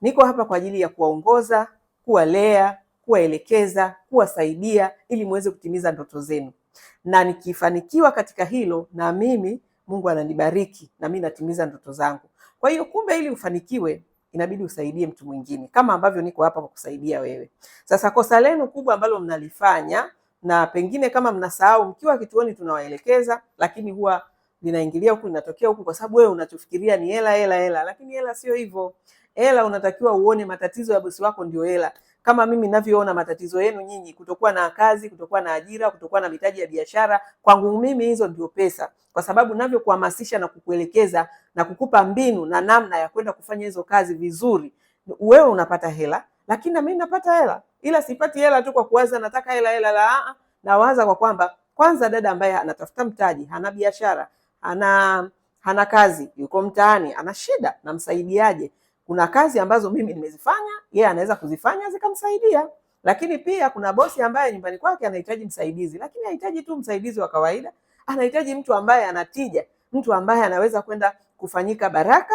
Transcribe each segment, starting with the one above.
Niko hapa kwa ajili ya kuwaongoza, kuwalea, kuwaelekeza, kuwasaidia ili muweze kutimiza ndoto zenu, na nikifanikiwa katika hilo, na mimi Mungu ananibariki na mimi natimiza ndoto zangu. Kwa hiyo, kumbe ili ufanikiwe inabidi usaidie mtu mwingine, kama ambavyo niko hapa kwa kusaidia wewe. Sasa kosa lenu kubwa ambalo mnalifanya na pengine kama mnasahau, mkiwa kituoni tunawaelekeza, lakini huwa linaingilia huku linatokea huku, kwa sababu wewe unachofikiria ni hela hela hela, lakini hela sio hivyo hela unatakiwa uone matatizo ya bosi wako ndio hela. Kama mimi ninavyoona matatizo yenu nyinyi, kutokuwa na kazi, kutokuwa na ajira, kutokuwa na mitaji ya biashara, kwangu mimi hizo ndio pesa, kwa sababu ninavyokuhamasisha na kukuelekeza na kukupa mbinu na namna ya kwenda kufanya hizo kazi vizuri, wewe unapata hela, lakini na mimi napata hela, ila sipati hela tu kwa kuwaza nataka hela hela, la, ah, ah. nawaza kwa kwamba kwanza, dada ambaye anatafuta mtaji, hana biashara, hana hana kazi, yuko mtaani, ana shida, namsaidiaje? kuna kazi ambazo mimi nimezifanya, yeye anaweza kuzifanya zikamsaidia. Lakini pia kuna bosi ambaye nyumbani kwake anahitaji msaidizi, lakini hahitaji tu msaidizi wa kawaida, anahitaji mtu ambaye anatija, mtu ambaye anaweza kwenda kufanyika baraka,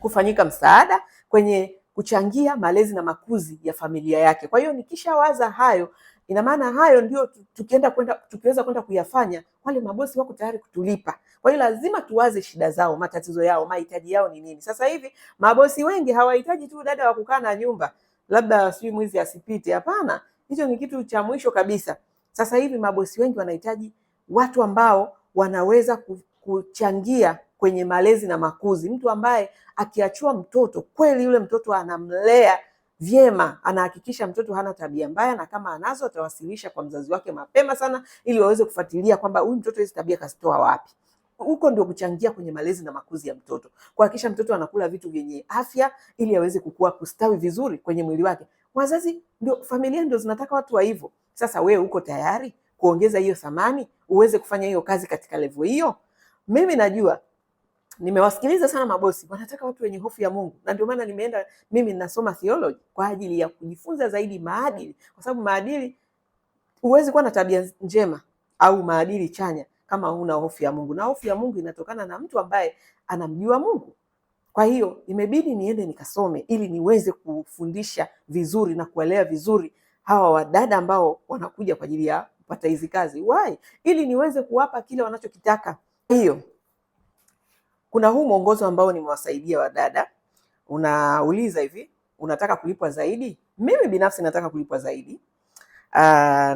kufanyika msaada kwenye kuchangia malezi na makuzi ya familia yake. Kwa hiyo nikishawaza hayo, ina maana hayo ndio tukienda kwenda tukiweza kwenda kuyafanya, wale mabosi wako tayari kutulipa kwa hiyo lazima tuwaze shida zao, matatizo yao, mahitaji yao ni nini. Sasa hivi mabosi wengi hawahitaji tu dada wa kukaa na nyumba, labda sijui mwizi asipite. Hapana, hicho ni kitu cha mwisho kabisa. Sasa hivi mabosi wengi wanahitaji watu ambao wanaweza kuchangia kwenye malezi na makuzi, mtu ambaye akiachua mtoto kweli, yule mtoto anamlea vyema anahakikisha mtoto hana tabia mbaya, na kama anazo atawasilisha kwa mzazi wake mapema sana, ili waweze kufuatilia kwamba huyu mtoto hizi tabia kazitoa wapi huko ndio kuchangia kwenye malezi na makuzi ya mtoto, kuhakikisha mtoto anakula vitu vyenye afya ili aweze kukua, kustawi vizuri kwenye mwili wake. Wazazi ndio, familia ndio zinataka watu wa hivyo. Sasa wewe uko tayari kuongeza hiyo thamani, uweze kufanya hiyo kazi katika levo hiyo? Mimi najua nimewasikiliza sana mabosi, wanataka watu wenye hofu ya Mungu, na ndio maana nimeenda mimi ninasoma theology kwa ajili ya kujifunza zaidi maadili, kwa sababu maadili, huwezi kuwa na tabia njema au maadili chanya kama huna hofu ya Mungu, na hofu ya Mungu inatokana na mtu ambaye anamjua Mungu. Kwa hiyo imebidi niende nikasome ili niweze kufundisha vizuri na kuelewa vizuri hawa wadada ambao wanakuja kwa ajili ya kupata hizi kazi Why? ili niweze kuwapa kile wanachokitaka. Hiyo kuna huu mwongozo ambao nimewasaidia wadada, unauliza hivi, unataka kulipwa zaidi? Mimi binafsi nataka kulipwa zaidi Uh,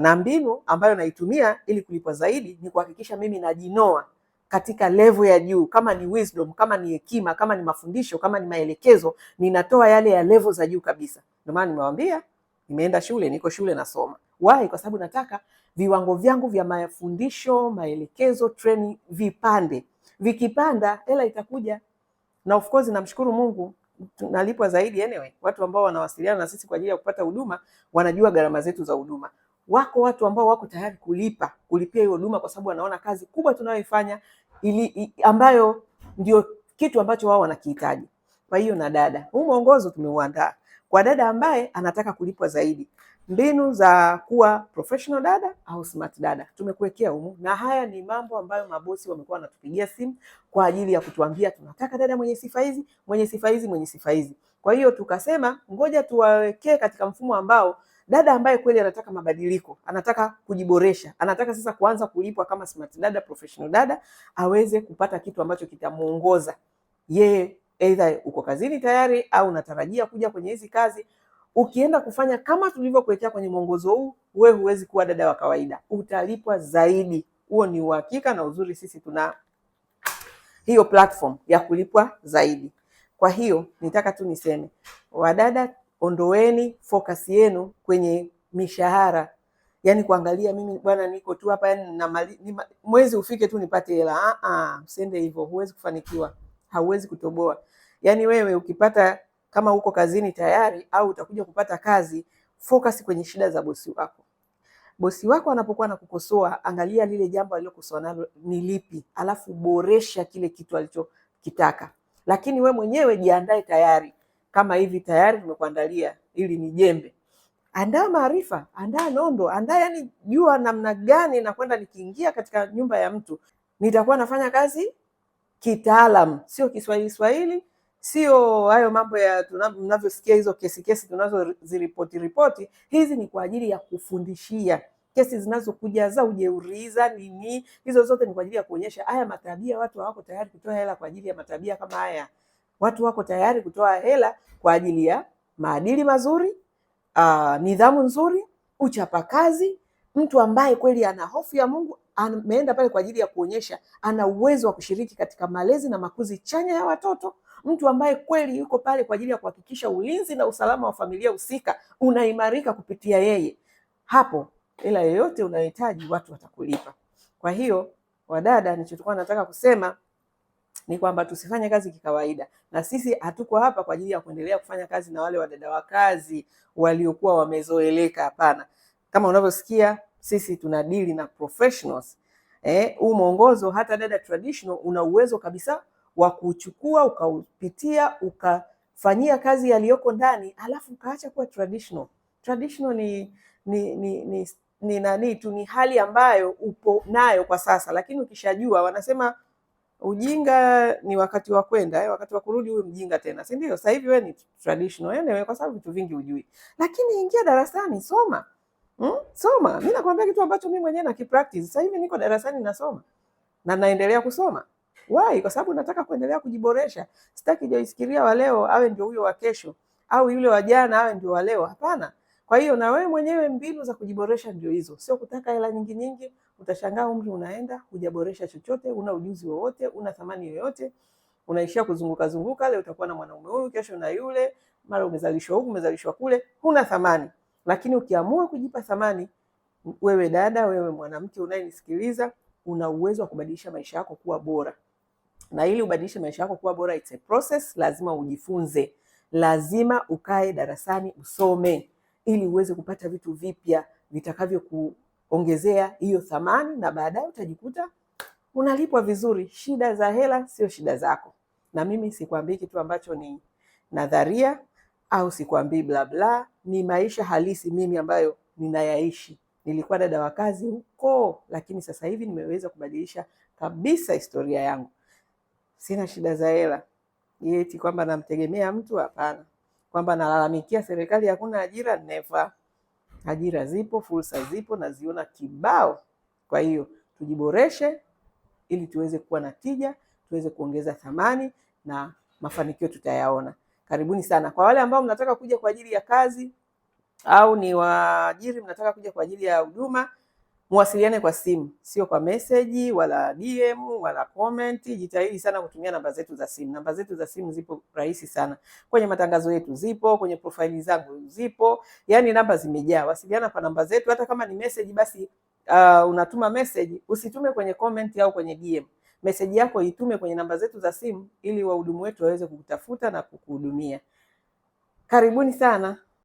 na mbinu ambayo naitumia ili kulipwa zaidi ni kuhakikisha mimi najinoa katika levo ya juu, kama ni wisdom, kama ni hekima, kama ni mafundisho, kama ni maelekezo, ninatoa yale ya levo za juu kabisa. Ndio maana nimewaambia nimeenda shule, niko shule nasoma. Why? Kwa sababu nataka viwango vyangu vya mafundisho, maelekezo, training vipande. Vikipanda hela itakuja, na of course namshukuru Mungu tunalipwa zaidi anyway. Watu ambao wanawasiliana na sisi kwa ajili ya kupata huduma wanajua gharama zetu za huduma. Wako watu ambao wako tayari kulipa kulipia hiyo huduma, kwa sababu wanaona kazi kubwa tunayoifanya ili ambayo ndio kitu ambacho wao wanakihitaji. Kwa hiyo na dada, huu mwongozo tumeuandaa kwa dada ambaye anataka kulipwa zaidi, mbinu za kuwa professional dada au smart dada tumekuwekea humu, na haya ni mambo ambayo mabosi wamekuwa wanatupigia simu kwa ajili ya kutuambia tunataka dada mwenye sifa hizi, mwenye sifa hizi, mwenye sifa hizi. Kwa hiyo tukasema ngoja tuwawekee katika mfumo ambao dada ambaye kweli anataka mabadiliko, anataka kujiboresha, anataka sasa kuanza kulipwa kama smart dada, professional dada, aweze kupata kitu ambacho kitamuongoza yeye, aidha uko kazini tayari au unatarajia kuja kwenye hizi kazi ukienda kufanya kama tulivyokuwekea kwenye mwongozo huu, wewe huwezi kuwa dada wa kawaida, utalipwa zaidi. Huo ni uhakika na uzuri, sisi tuna hiyo platform ya kulipwa zaidi. Kwa hiyo nitaka tu niseme, wadada, ondoeni focus yenu kwenye mishahara, yani kuangalia mimi bwana niko tu hapa yani na mwezi ufike tu nipate hela. Ah, ah msende hivyo, huwezi kufanikiwa, hauwezi kutoboa. Yani wewe ukipata kama uko kazini tayari au utakuja kupata kazi, focus kwenye shida za bosi wako. Bosi wako anapokuwa na kukosoa, angalia lile jambo alilokosoa nalo ni lipi, alafu boresha kile kitu alichokitaka. Lakini we mwenyewe jiandae tayari, kama hivi tayari tumekuandalia ili ni jembe. Andaa maarifa, andaa nondo, andaa yani, jua namna gani nakwenda, nikiingia katika nyumba ya mtu nitakuwa nafanya kazi kitaalam, sio Kiswahili Swahili sio hayo mambo ya tunavyosikia hizo kesi kesi tunazoziripoti ripoti. Hizi ni kwa ajili ya kufundishia kesi zinazokuja za ujeuriza nini, hizo zote ni kwa ajili ya kuonyesha haya matabia. Watu hawako tayari kutoa hela kwa ajili ya matabia kama haya. Watu wako tayari kutoa hela kwa ajili ya maadili mazuri, uh, nidhamu nzuri, uchapakazi, mtu ambaye kweli ana hofu ya Mungu ameenda pale kwa ajili ya kuonyesha ana uwezo wa kushiriki katika malezi na makuzi chanya ya watoto mtu ambaye kweli yuko pale kwa ajili ya kuhakikisha ulinzi na usalama wa familia husika unaimarika kupitia yeye hapo, ila yoyote unahitaji watu watakulipa. Kwa hiyo wadada, nilichokuwa nataka kusema ni kwamba tusifanye kazi kikawaida, na sisi hatuko hapa kwa ajili ya kuendelea kufanya kazi na wale wadada wa kazi waliokuwa wamezoeleka. Hapana, kama unavyosikia sisi tuna dili na professionals. Eh, huu mwongozo hata dada traditional una uwezo kabisa wa kuchukua ukaupitia ukafanyia kazi yaliyoko ndani, alafu ukaacha kuwa traditional. Traditional ni ni ni, ni, ni nani tu, ni hali ambayo upo nayo kwa sasa, lakini ukishajua, wanasema ujinga ni wakati wa kwenda eh, wakati wa kurudi huyu mjinga tena, si ndio? Sasa hivi wewe ni traditional anyway, kwa sababu vitu vingi hujui, lakini ingia darasani, soma hmm? Soma, mi nakwambia kitu ambacho mi mwenyewe kipractice sasa hivi, niko darasani nasoma na naendelea kusoma. Why? Kwa sababu nataka kuendelea kujiboresha. Sitaki Joyce wa leo awe ndio huyo wa kesho au yule wa jana awe ndio wa leo. Hapana. Kwa hiyo na wewe mwenyewe mbinu za kujiboresha ndio hizo, sio kutaka hela nyingi nyingi. Utashangaa umri unaenda, hujaboresha chochote, una ujuzi wowote, una thamani yoyote, unaishia kuzunguka zunguka. Leo utakuwa na mwanaume huyu, kesho na yule, mara umezalishwa huku, umezalishwa kule, huna thamani. Lakini ukiamua kujipa thamani, wewe dada, wewe mwanamke unayenisikiliza, una uwezo wa kubadilisha maisha yako kuwa bora na ili ubadilishe maisha yako kuwa bora, it's a process. Lazima ujifunze, lazima ukae darasani usome, ili uweze kupata vitu vipya vitakavyokuongezea hiyo thamani, na baadaye utajikuta unalipwa vizuri. Shida za hela sio shida zako, na mimi sikwambii kitu ambacho ni nadharia au sikwambii bla bla, ni maisha halisi mimi ambayo ninayaishi. Nilikuwa dada wa kazi huko, lakini sasa hivi nimeweza kubadilisha kabisa historia yangu sina shida za hela eti kwamba namtegemea mtu, hapana. Kwamba nalalamikia serikali hakuna ajira, never. Ajira zipo, fursa zipo, naziona kibao. Kwa hiyo tujiboreshe, ili tuweze kuwa na tija, tuweze kuongeza thamani na mafanikio tutayaona. Karibuni sana kwa wale ambao mnataka kuja kwa ajili ya kazi au ni waajiri mnataka kuja kwa ajili ya huduma muwasiliane kwa simu, sio kwa meseji wala DM wala comment. Jitahidi sana kutumia namba zetu za simu. Namba zetu za simu zipo rahisi sana, kwenye matangazo yetu zipo, kwenye profaili zangu zipo, yani namba zimejaa. Wasiliana kwa namba zetu, hata kama ni meseji basi uh, unatuma meseji, usitume kwenye comment au kwenye DM. Meseji yako itume kwenye namba zetu za simu ili wahudumu wetu waweze kukutafuta na kukuhudumia. Karibuni sana.